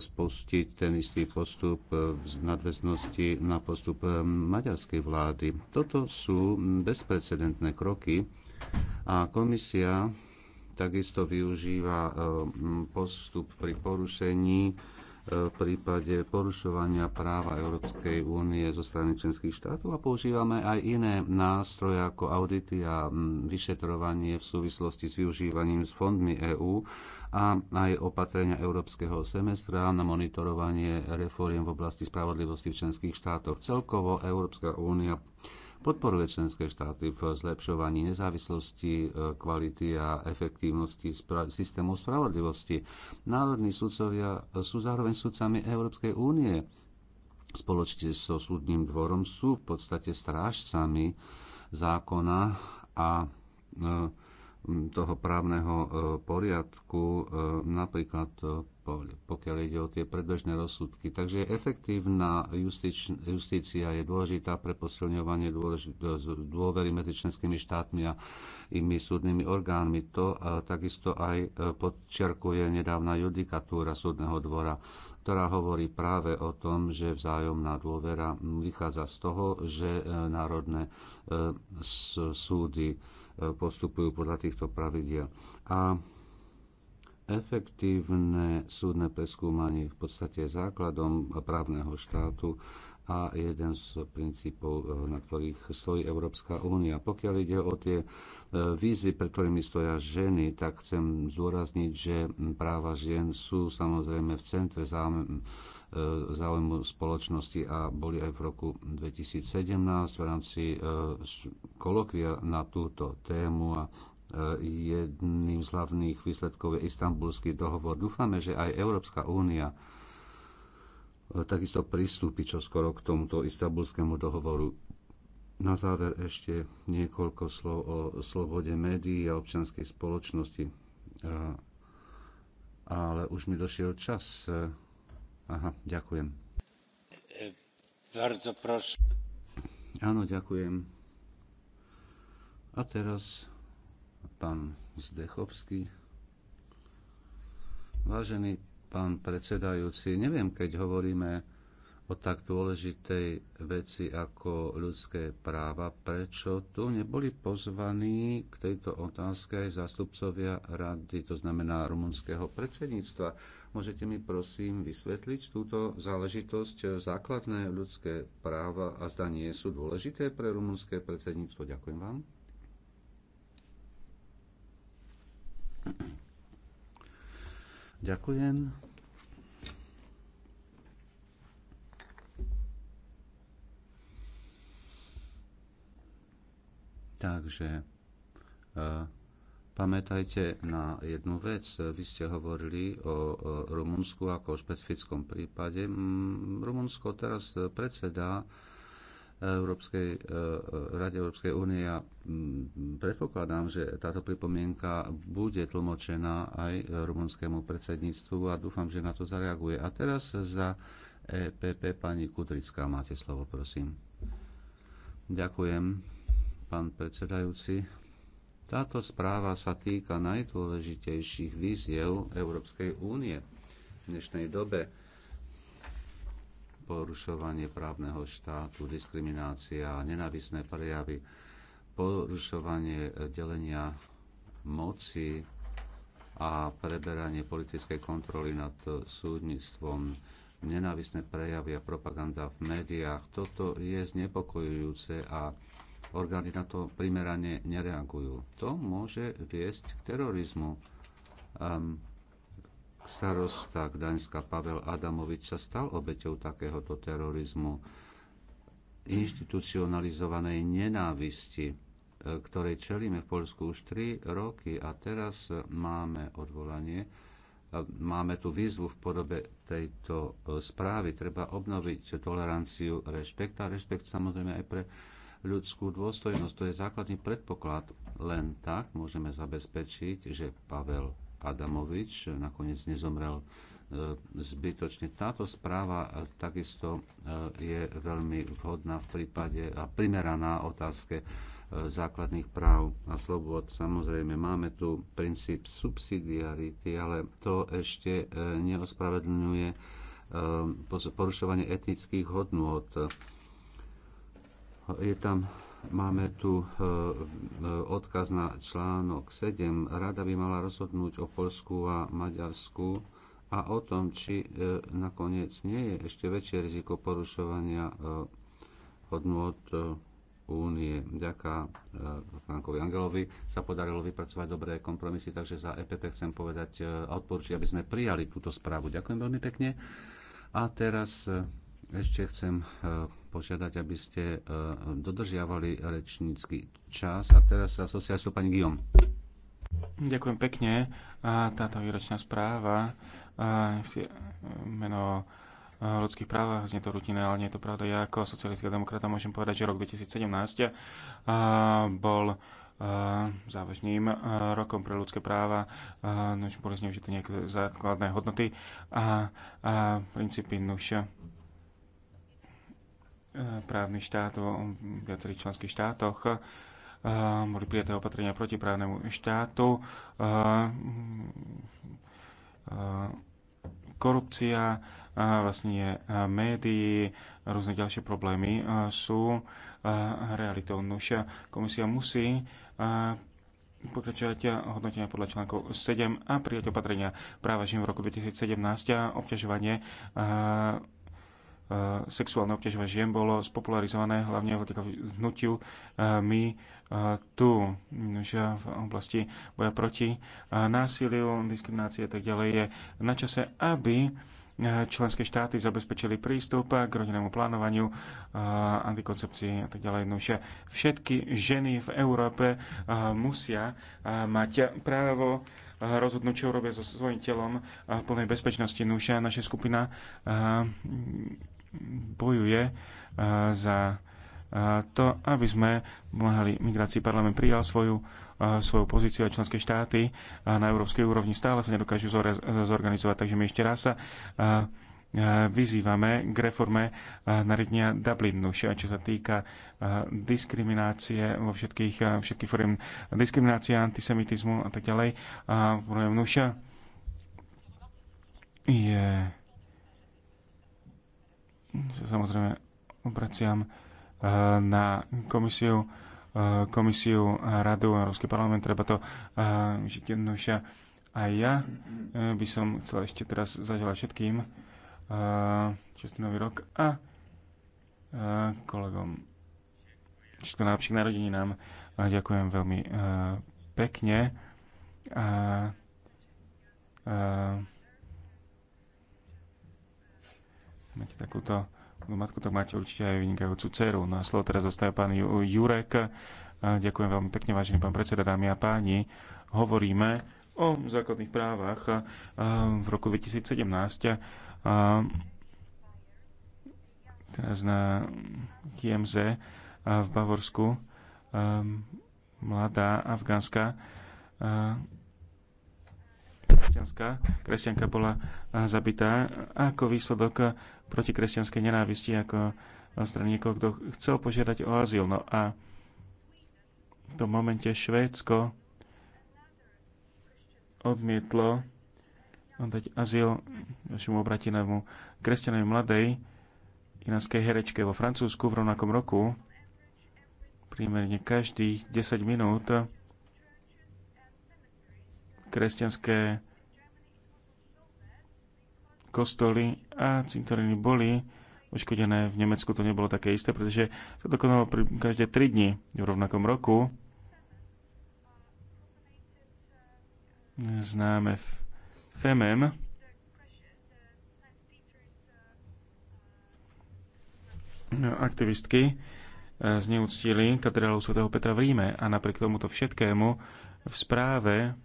spustiť ten istý postup e, v nadväznosti na postup maďarskej vlády. Toto sú bezprecedentné kroky a komisia takisto využíva postup pri porušení v prípade porušovania práva Európskej únie zo strany členských štátov a používame aj iné nástroje ako audity a vyšetrovanie v súvislosti s využívaním s fondmi EÚ a aj opatrenia Európskeho semestra na monitorovanie reforiem v oblasti spravodlivosti v členských štátoch. Celkovo Európska únia podporuje členské štáty v zlepšovaní nezávislosti, e, kvality a efektívnosti spra- systému spravodlivosti. Národní sudcovia sú zároveň sudcami Európskej únie. Spoločne so súdnym dvorom sú v podstate strážcami zákona a e, toho právneho e, poriadku, napríklad pokiaľ ide o tie predbežné rozsudky. Takže efektívna justič, justícia je dôležitá pre posilňovanie dôvery medzi členskými štátmi a inými súdnymi orgánmi. To takisto aj e, podčiarkuje nedávna judikatúra súdneho dvora ktorá hovorí práve o tom, že vzájomná dôvera vychádza z toho, že e, národné e, súdy postupujú podľa týchto pravidiel. A Efektívne súdne preskúmanie v podstate základom právneho štátu a jeden z princípov, eh, na ktorých stojí Európska únia. Pokiaľ ide o tie eh, výzvy, pre ktorými stoja ženy, tak chcem zdôrazniť, že práva žien sú samozrejme v centre záujmu, eh, záujmu spoločnosti a boli aj v roku 2017 v rámci kolokvia na túto tému a Jedným z hlavných výsledkov je istambulský dohovor. Dúfame, že aj Európska únia e, takisto pristúpi skoro k tomuto istambulskému dohovoru. Na záver ešte niekoľko slov o slobode médií a občianskej spoločnosti. E, ale už mi došiel čas. E, aha, ďakujem. Bardzo proszę. Áno, ďakujem. A teraz pán Zdechovský. Vážený pán predsedajúci, neviem, keď hovoríme o tak dôležitej veci ako ľudské práva, prečo tu neboli pozvaní k tejto otázke aj zástupcovia rady, to znamená rumunského predsedníctva. Môžete mi prosím vysvetliť túto záležitosť? Základné ľudské práva a zdanie sú dôležité pre rumunské predsedníctvo. Ďakujem vám. Ďakujem. Takže e, Pamätajte na jednu vec. Vy ste hovorili o Rumunsku ako o špecifickom prípade. Rumunsko teraz e, predsedá Európskej e, e, Rade Európskej únie. Ja predpokladám, že táto pripomienka bude tlmočená aj rumunskému predsedníctvu a dúfam, že na to zareaguje. A teraz za EPP pani Kudrická máte slovo, prosím. Ďakujem, pán predsedajúci. Táto správa sa týka najdôležitejších víziev Európskej únie v dnešnej dobe porušovanie právneho štátu, diskriminácia, nenávisné prejavy, porušovanie e, delenia moci a preberanie politickej kontroly nad súdnictvom, nenávisné prejavy a propaganda v médiách. Toto je znepokojujúce a orgány na to primerane nereagujú. To môže viesť k terorizmu. Um, starosta Gdaňska Pavel Adamovič sa stal obeťou takéhoto terorizmu, inštitucionalizovanej nenávisti, e, ktorej čelíme v Polsku už 3 roky a teraz máme odvolanie. E, máme tu výzvu v podobe tejto e, správy. Treba obnoviť toleranciu, rešpekt a rešpekt samozrejme aj pre ľudskú dôstojnosť. To je základný predpoklad. Len tak môžeme zabezpečiť, že Pavel Adamovič nakoniec nezomrel e, zbytočne. Táto správa e, takisto e, je veľmi vhodná v prípade a primeraná otázke základných práv a slobod. Samozrejme, máme tu princíp subsidiarity, ale to ešte neospravedlňuje porušovanie etnických hodnôt. Je tam Máme tu e, e, odkaz na článok 7. Rada by mala rozhodnúť o Polsku a Maďarsku a o tom, či e, nakoniec nie je ešte väčšie riziko porušovania hodnot únie. Ďaká Frankovi Angelovi sa podarilo vypracovať dobré kompromisy, takže za EPP chcem povedať a odporúčiť, aby sme prijali túto správu. Ďakujem veľmi pekne. A teraz ešte chcem požiadať, aby ste e, dodržiavali rečnícky čas. A teraz sa asociáciu pani Guillaume. Ďakujem pekne. A táto výročná správa a, si, e, meno e, ľudských právach, znie to rutine, ale nie je to pravda. Ja ako socialistická demokrata môžem povedať, že rok 2017 bol závažným rokom pre ľudské práva, nož boli zneužité nejaké základné hodnoty a, a princípy nuša Eh, právny štát vo viacerých členských štátoch. Eh, boli prijaté opatrenia proti právnemu štátu. Eh, korupcia, vlastne médií, rôzne ďalšie problémy sú realitou. Nož komisia musí pokračovať hodnotenia podľa článkov 7 a prijať opatrenia práva žijem v roku 2017 a obťažovanie sexuálne obťažovanie žien bolo spopularizované hlavne vďaka hnutiu e, My e, tu, že v oblasti boja proti e, násiliu, diskriminácii a tak ďalej je na čase, aby členské štáty zabezpečili prístup k rodinnému plánovaniu, antikoncepcii a tak ďalej. No, že všetky ženy v Európe musia mať právo rozhodnúť, čo robia so svojím telom v plnej bezpečnosti. Nuša, naša skupina bojuje eh, za eh, to, aby sme mohli migrácii. Parlament prijal svoju, eh, svoju pozíciu a členské štáty na európskej úrovni stále sa nedokážu zorganizovať, takže my ešte raz sa vyzývame k reforme nariadenia Dublinu, Čo sa týka diskriminácie vo všetkých, všetkých foriem diskriminácie, antisemitizmu a tak ďalej, a nuša je sa samozrejme obraciam eh, na komisiu, eh, komisiu Radu Európsky parlament, treba to eh, jednoduchšia. A ja by som chcel ešte teraz zaželať všetkým čestný nový rok a kolegom všetko najlepších narodení nám. Ďakujem veľmi pekne. A, a, máte takúto no, matku, tak máte určite aj vynikajúcu dceru. Na no a slovo teraz zostáva pán Jurek. Ďakujem veľmi pekne, vážený pán predseda, dámy a páni. Hovoríme o základných právach v roku 2017. Teraz na KMZ v Bavorsku mladá afgánska kresťanská, kresťanka bola zabitá ako výsledok protikresťanskej nenávisti ako na strane niekoho, kto chcel požiadať o azyl. No a v tom momente Švédsko odmietlo dať azyl našemu obratinému kresťanovi mladej inanskej herečke vo Francúzsku v rovnakom roku. Prímerne každých 10 minút kresťanské kostoly a cintoriny boli uškodené. V Nemecku to nebolo také isté, pretože sa to konalo pri každé 3 dni v rovnakom roku. Známe FEMEM, no, aktivistky eh, zneúctili katedrálu sv. Petra v Ríme a napriek tomuto všetkému v správe,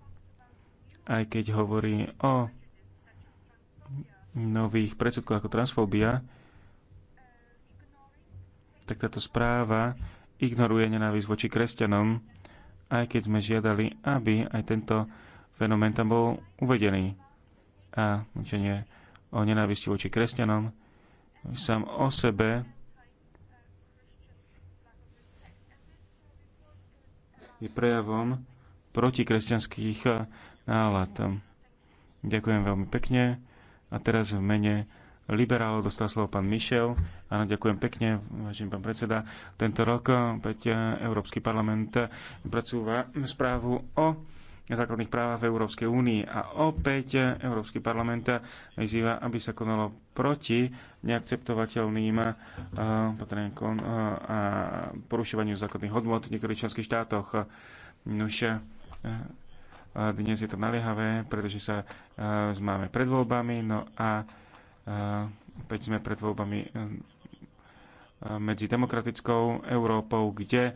aj keď hovorí o nových predsudkov ako transfóbia, tak táto správa ignoruje nenávisť voči kresťanom, aj keď sme žiadali, aby aj tento fenomén tam bol uvedený. A učenie o nenávisti voči kresťanom sám o sebe je prejavom protikresťanských nálad. Ďakujem veľmi pekne. A teraz v mene liberálov dostal slovo pán Mišel. Áno, ďakujem pekne, vážený pán predseda. Tento rok opäť eh, Európsky parlament pracúva správu o základných právach v Európskej únii. A opäť eh, Európsky parlament vyzýva, aby sa konalo proti neakceptovateľným eh, a porušovaniu základných hodnot v niektorých členských štátoch. Nože, dnes je to naliehavé, pretože sa e, máme pred voľbami, no a e, opäť sme pred voľbami e, medzi demokratickou Európou, kde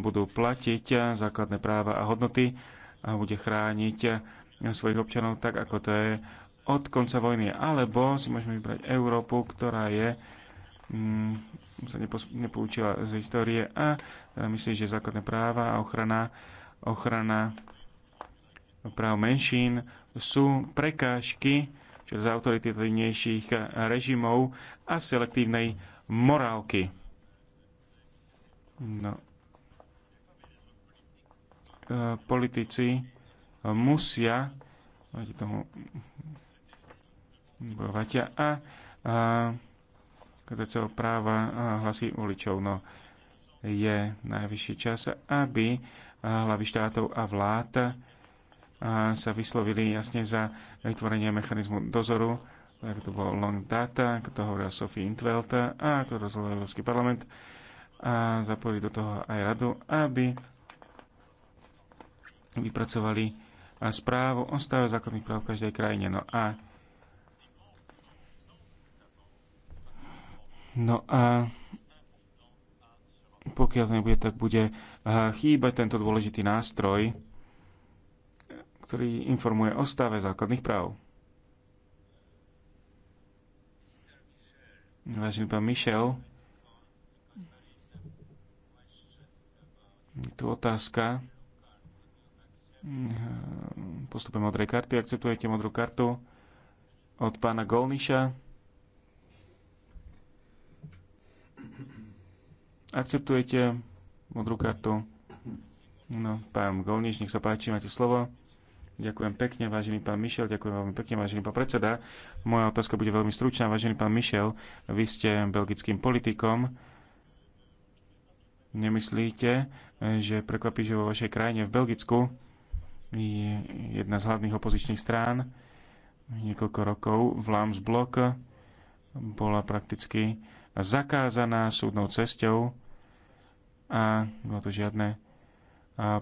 budú platiť základné práva a hodnoty a bude chrániť svojich občanov tak, ako to je od konca vojny. Alebo si môžeme vybrať Európu, ktorá je mm, sa nepoučila z histórie a teda myslím, že základné práva a ochrana, ochrana práv menšín sú prekážky z autoritatívnejších režimov a selektívnej morálky. No. E, politici musia tomu bojovať a, a celého práva hlasí uličov. No, je najvyšší čas, aby hlavy štátov a vlád sa vyslovili jasne za vytvorenie mechanizmu dozoru, tak to bolo Long Data, ako to hovorila Sophie Intveld a ako rozhodol Európsky parlament a zapojili do toho aj radu, aby vypracovali správu o stave základných práv v každej krajine. No a No a pokiaľ to nebude, tak bude chýbať tento dôležitý nástroj, ktorý informuje o stave základných práv. Vážený pán Michel, je tu otázka. Postupe modrej karty. Akceptujete modrú kartu od pána Golniša? Akceptujete modrú kartu? No, pán Golniš, nech sa páči, máte slovo. Ďakujem pekne, vážený pán Mišel, ďakujem veľmi pekne, vážený pán predseda. Moja otázka bude veľmi stručná, vážený pán Mišel. Vy ste belgickým politikom. Nemyslíte, že prekvapí, že vo vašej krajine v Belgicku je jedna z hlavných opozičných strán niekoľko rokov v Lamsblok bola prakticky zakázaná súdnou cestou a bolo to žiadne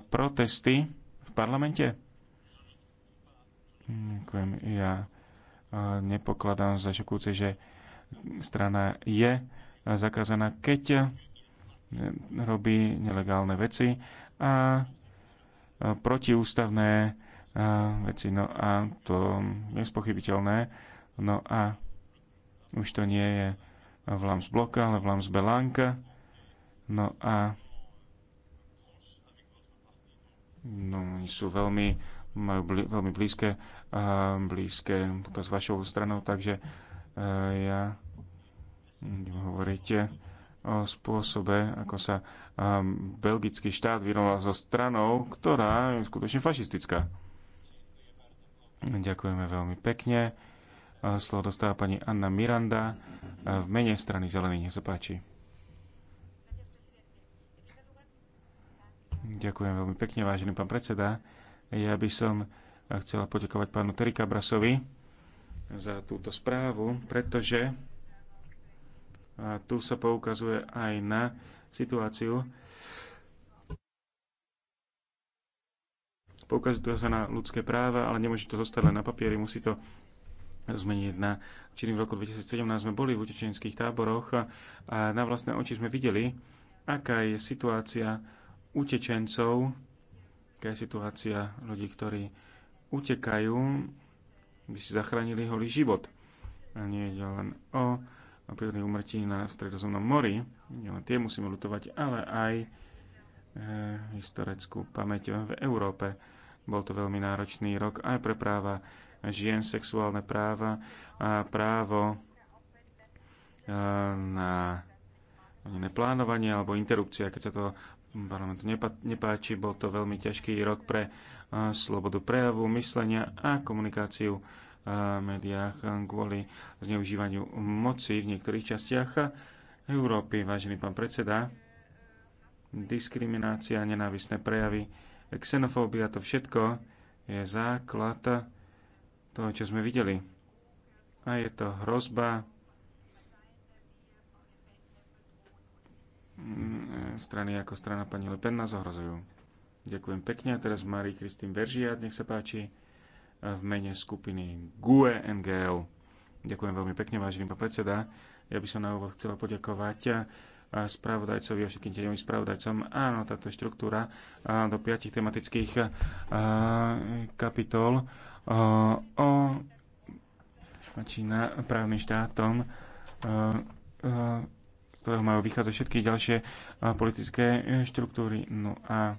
protesty v parlamente. Ďakujem. Ja nepokladám za šokúce, že strana je zakázaná, keď e, robí nelegálne veci a protiústavné veci. No a to je spochybiteľné. No a už to nie je v Lams bloka, ale v Lams Belanka. No a no, sú veľmi majú bl- veľmi blízke, uh, blízke to s vašou stranou, takže uh, ja hovoríte o spôsobe, ako sa um, belgický štát vyrovnal so stranou, ktorá je skutočne fašistická. Ďakujeme veľmi pekne. Slovo dostáva pani Anna Miranda e, v mene strany Zelený. Nech sa páči. Ďakujem veľmi pekne, vážený pán predseda. Ja by som chcela poďakovať pánu Terika Brasovi za túto správu, pretože tu sa poukazuje aj na situáciu, poukazuje sa na ľudské práva, ale nemôže to zostať len na papieri, musí to zmeniť na činy v roku 2017 sme boli v utečenských táboroch a na vlastné oči sme videli, aká je situácia utečencov aká je situácia ľudí, ktorí utekajú, by si zachránili holý život. A nie je len o prírodnej umrtí na Stredozemnom mori, len tie musíme lutovať, ale aj e, historickú pamäť v Európe. Bol to veľmi náročný rok aj pre práva žien, sexuálne práva a právo e, na neplánovanie alebo interrupcia, keď sa to parlamentu nepáči. Bol to veľmi ťažký rok pre eh, slobodu prejavu, myslenia a komunikáciu eh, v médiách eh, kvôli zneužívaniu moci v niektorých častiach Európy. Vážený pán predseda, diskriminácia, nenávisné prejavy, xenofóbia, to všetko je základ toho, čo sme videli. A je to hrozba Mm, strany ako strana pani Le Pen nás ohrozujú. Ďakujem pekne. A teraz Marie Kristín Veržiat, nech sa páči, v mene skupiny GUE NGL. Ďakujem veľmi pekne, vážený pán predseda. Ja by som na úvod chcela poďakovať spravodajcovi a všetkým tieňovým spravodajcom. Áno, táto štruktúra do piatich tematických kapitol o právnym štátom ktorého majú vychádzať všetky ďalšie e, politické e, štruktúry. No a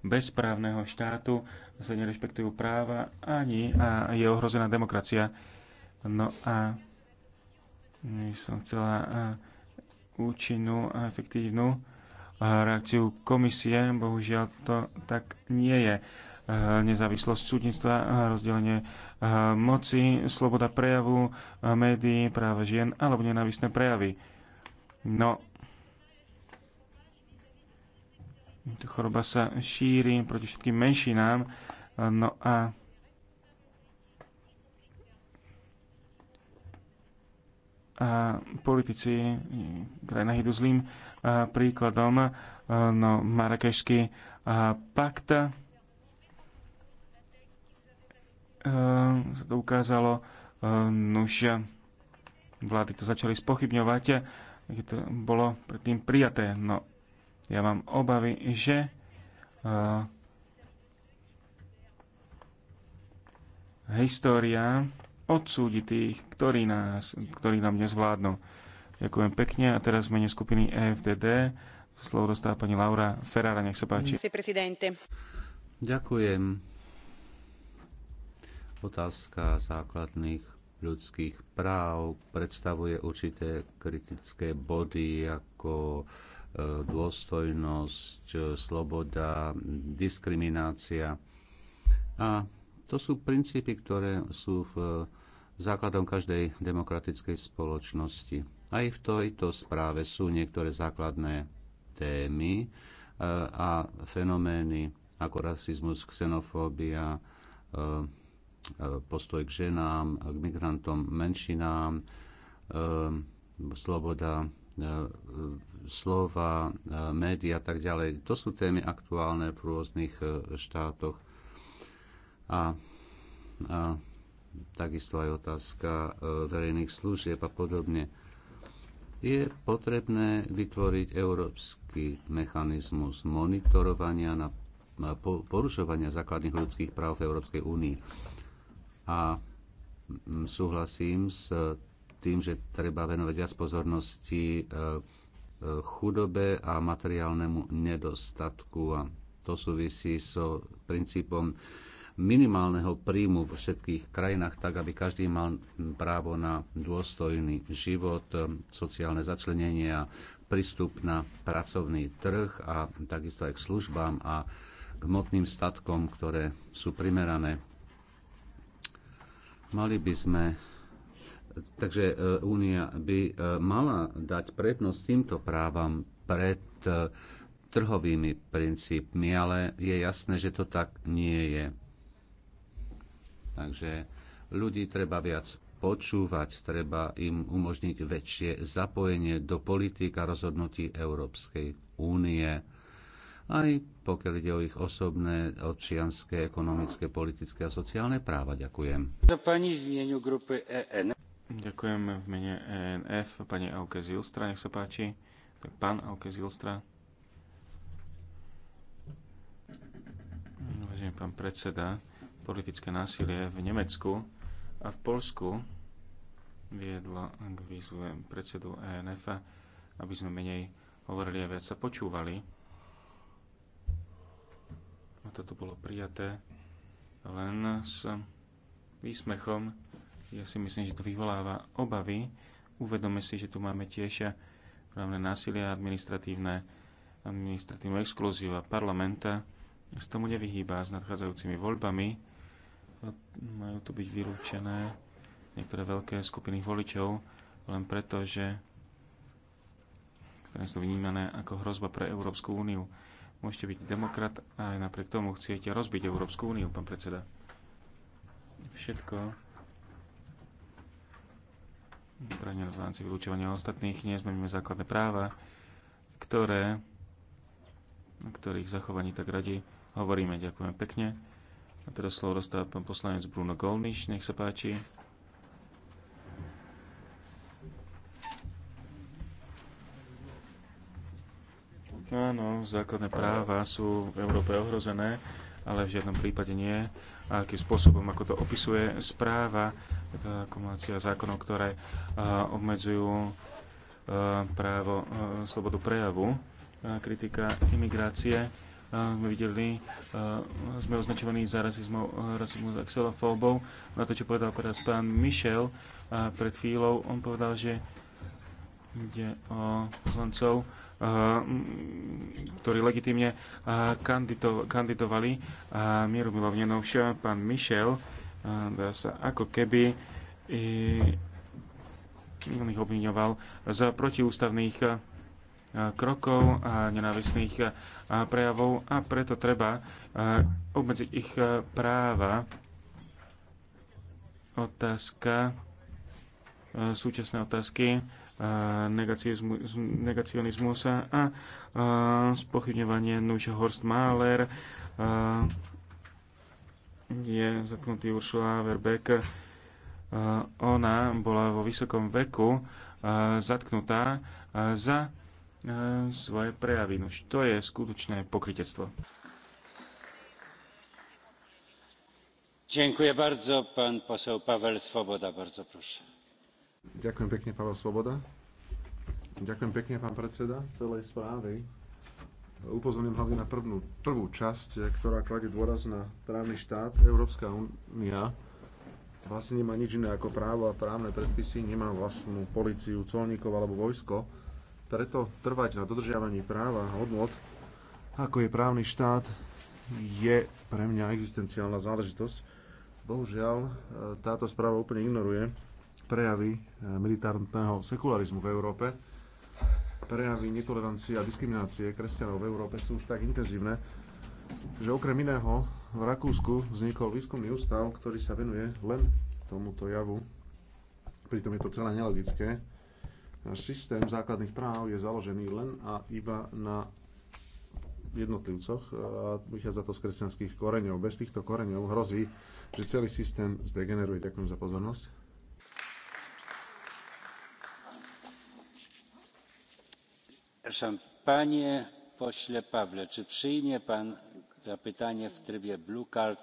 bez právneho štátu sa nerešpektujú práva ani a je ohrozená demokracia. No a som chcela e, účinnú a efektívnu reakciu komisie. Bohužiaľ to tak nie je nezávislosť súdnictva, rozdelenie moci, sloboda prejavu, médií, práva žien alebo nenávisné prejavy. No, choroba sa šíri proti všetkým menšinám. No a a politici krajina idú zlým príkladom. No, Marrakešský pakt sa to ukázalo, nuž vlády to začali spochybňovať keď to bolo predtým prijaté. No, ja mám obavy, že uh, história odsúdi tých, ktorí, nás, ktorí nám dnes Ďakujem pekne a teraz v mene skupiny EFDD slovo dostáva pani Laura Ferrara, nech sa páči. Ďakujem. Otázka základných ľudských práv predstavuje určité kritické body ako e, dôstojnosť, e, sloboda, diskriminácia. A to sú princípy, ktoré sú v e, základom každej demokratickej spoločnosti. Aj v tejto správe sú niektoré základné témy a fenomény ako rasizmus, xenofóbia, E, postoj k ženám, k migrantom, menšinám, e, sloboda e, slova, média a tak ďalej. To sú témy aktuálne v rôznych štátoch. A, a takisto aj otázka verejných služieb a podobne. Je potrebné vytvoriť európsky mechanizmus monitorovania na porušovania základných ľudských práv v Európskej únii a mm, súhlasím s tým, že treba venovať viac pozornosti e, e, chudobe a materiálnemu nedostatku. A to súvisí so princípom minimálneho príjmu v všetkých krajinách, tak aby každý mal právo na dôstojný život, e, sociálne začlenenie a prístup na pracovný trh a takisto aj k službám a k hmotným statkom, ktoré sú primerané Mali by sme Takže e, Únia by e, mala dať prednosť týmto právam pred e, trhovými princípmi, ale je jasné, že to tak nie je. Takže ľudí treba viac počúvať, treba im umožniť väčšie zapojenie do politik a rozhodnutí Európskej únie aj pokiaľ ide o ich osobné, občianské, ekonomické, politické a sociálne práva. Ďakujem. Pani v mieniu grupy EN. Ďakujem v mene ENF, pani Auke Zilstra, nech sa páči. Tak pán Auke Zilstra. Vážený pán predseda, politické násilie v Nemecku a v Polsku viedlo k výzve predsedu ENF, aby sme menej hovorili a viac sa počúvali toto bolo prijaté len s výsmechom. Ja si myslím, že to vyvoláva obavy. Uvedome si, že tu máme tiež právne násilie a administratívne, administratívnu exkluziu a parlamenta Z tomu nevyhýba s nadchádzajúcimi voľbami. Majú tu byť vylúčené niektoré veľké skupiny voličov len preto, že ktoré sú vnímané ako hrozba pre Európsku úniu. Môžete byť demokrat a aj napriek tomu chcete rozbiť Európsku úniu, pán predseda. Všetko brania v rámci vylúčovania ostatných, nezmeníme základné práva, ktoré, na ktorých zachovaní tak radi hovoríme. Ďakujem pekne. A teraz slovo dostáva pán poslanec Bruno Golniš, nech sa páči. Áno, základné práva sú v Európe ohrozené, ale v žiadnom prípade nie. A akým spôsobom, ako to opisuje správa, je to akumulácia zákonov, ktoré obmedzujú právo slobodu prejavu, kritika imigrácie. My videli, sme označovaní za rasizmu, rasizmus a xenofóbou. Na to, čo povedal teraz pán Michel pred chvíľou, on povedal, že ide o poslancov ktorí legitimne kandido, kandidovali mierumilovne. No pán Michel sa ako keby ich obviňoval z protiústavných krokov a nenávisných prejavov a preto treba obmedziť ich práva. Otázka, súčasné otázky negacionizmus a a spochybňovanie nuž Horst Mahler a, je zatknutý Uršula Verbeck. A, Ona bola vo vysokom veku a, zatknutá a, za a, svoje prejavy. Nož to je skutočné pokrytectvo. Dziękuję bardzo. Pan poseł Paweł Swoboda, bardzo proszę Ďakujem pekne, Pavel Svoboda. Ďakujem pekne, pán predseda, celej správy. Upozorňujem hlavne na prvnú, prvú časť, eh, ktorá kladie dôraz na právny štát. Európska únia vlastne nemá nič iné ako právo a právne predpisy, nemá vlastnú policiu, colníkov alebo vojsko. Preto trvať na dodržiavaní práva a hodnot, ako je právny štát, je pre mňa existenciálna záležitosť. Bohužiaľ, eh, táto správa úplne ignoruje prejavy e, militárneho sekularizmu v Európe, prejavy netolerancie a diskriminácie kresťanov v Európe sú už tak intenzívne, že okrem iného v Rakúsku vznikol výskumný ústav, ktorý sa venuje len tomuto javu. Pritom je to celé nelogické. Náš systém základných práv je založený len a iba na jednotlivcoch a vychádza to z kresťanských koreňov. Bez týchto koreňov hrozí, že celý systém zdegeneruje. Ďakujem za pozornosť. panie pośle pawle czy przyjmie pan zapytanie w trybie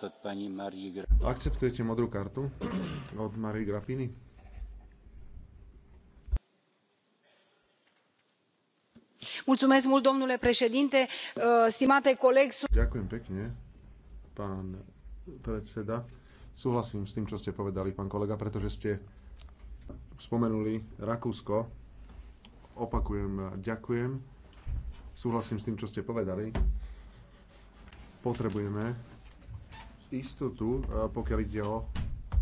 od pani marii grapini? akceptujete modrú kartu od marii grapini? domnule președinte uh, stimate coleg ďakujem pekne pán predseda súhlasím s tým čo ste povedali pán kolega pretože ste spomenuli rakúsko Opakujem, ďakujem. Súhlasím s tým, čo ste povedali. Potrebujeme istotu, e, pokiaľ ide o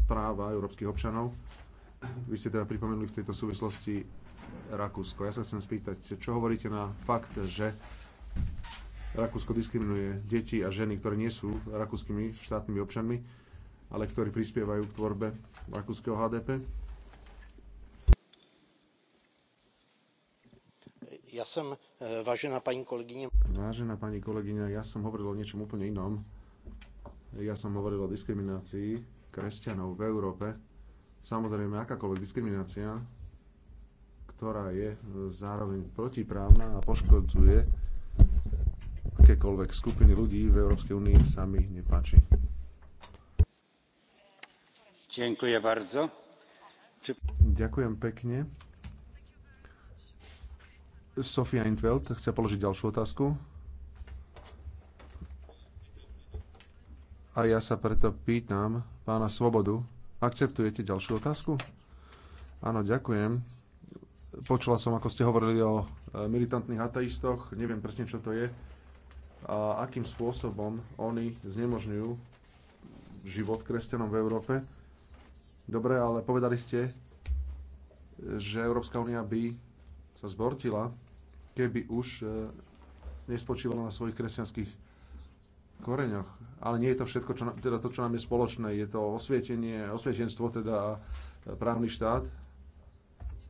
práva európskych občanov. Vy ste teda pripomenuli v tejto súvislosti Rakúsko. Ja sa chcem spýtať, čo hovoríte na fakt, že Rakúsko diskriminuje deti a ženy, ktoré nie sú rakúskymi štátnymi občanmi, ale ktorí prispievajú k tvorbe rakúskeho HDP? Ja som, e, vážená pani kolegyňa... Vážená pani kolegyňa, ja som hovoril o niečom úplne inom. Ja som hovoril o diskriminácii kresťanov v Európe. Samozrejme, akákoľvek diskriminácia, ktorá je e, zároveň protiprávna a poškodzuje akékoľvek skupiny ľudí v Európskej únii sa mi nepáči. Ďakujem bardzo. Ďakujem pekne. Sofia Intveld chce položiť ďalšiu otázku. A ja sa preto pýtam pána Svobodu, akceptujete ďalšiu otázku? Áno, ďakujem. Počula som, ako ste hovorili o e, militantných ateistoch, neviem presne, čo to je a akým spôsobom oni znemožňujú život kresťanom v Európe. Dobre, ale povedali ste, e, že Európska únia by sa zbortila keby už e, nespočívalo na svojich kresťanských koreňoch. Ale nie je to všetko, čo, teda to, čo nám je spoločné. Je to osvietenie, osvietenstvo, teda právny štát.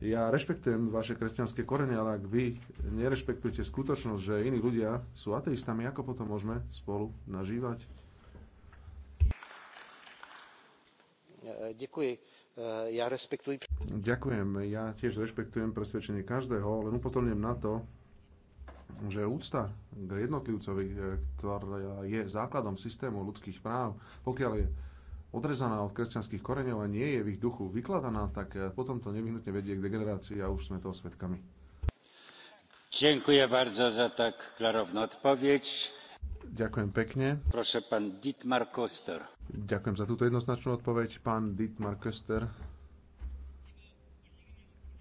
Ja rešpektujem vaše kresťanské korene, ale ak vy nerešpektujete skutočnosť, že iní ľudia sú ateistami, ako potom môžeme spolu nažívať? Ďakujem. Ja tiež rešpektujem presvedčenie každého, len upozorňujem na to, že úcta k jednotlivcovi, e, ktorá je základom systému ľudských práv, pokiaľ je odrezaná od kresťanských koreňov a nie je v ich duchu vykladaná, tak e, potom to nevyhnutne vedie k degenerácii a už sme toho svedkami. Ďakujem bardzo za tak klarovnú odpoveď. Ďakujem pekne. pán Dietmar Ďakujem za túto jednoznačnú odpoveď, pán Dietmar Köster.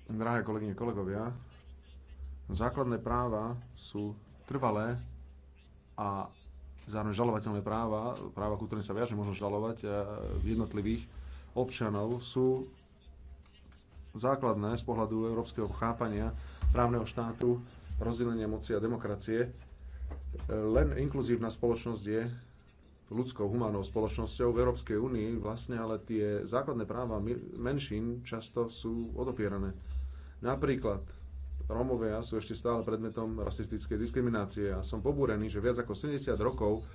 Drahé kolegyne, kolegovia, základné práva sú trvalé a zároveň žalovateľné práva, práva, ku ktorým sa viaže možno žalovať e, jednotlivých občanov, sú základné z pohľadu európskeho chápania právneho štátu, rozdelenia moci a demokracie len inkluzívna spoločnosť je ľudskou, humánou spoločnosťou v Európskej únii vlastne, ale tie základné práva menšín často sú odopierané. Napríklad Rómovia sú ešte stále predmetom rasistickej diskriminácie a som pobúrený, že viac ako 70 rokov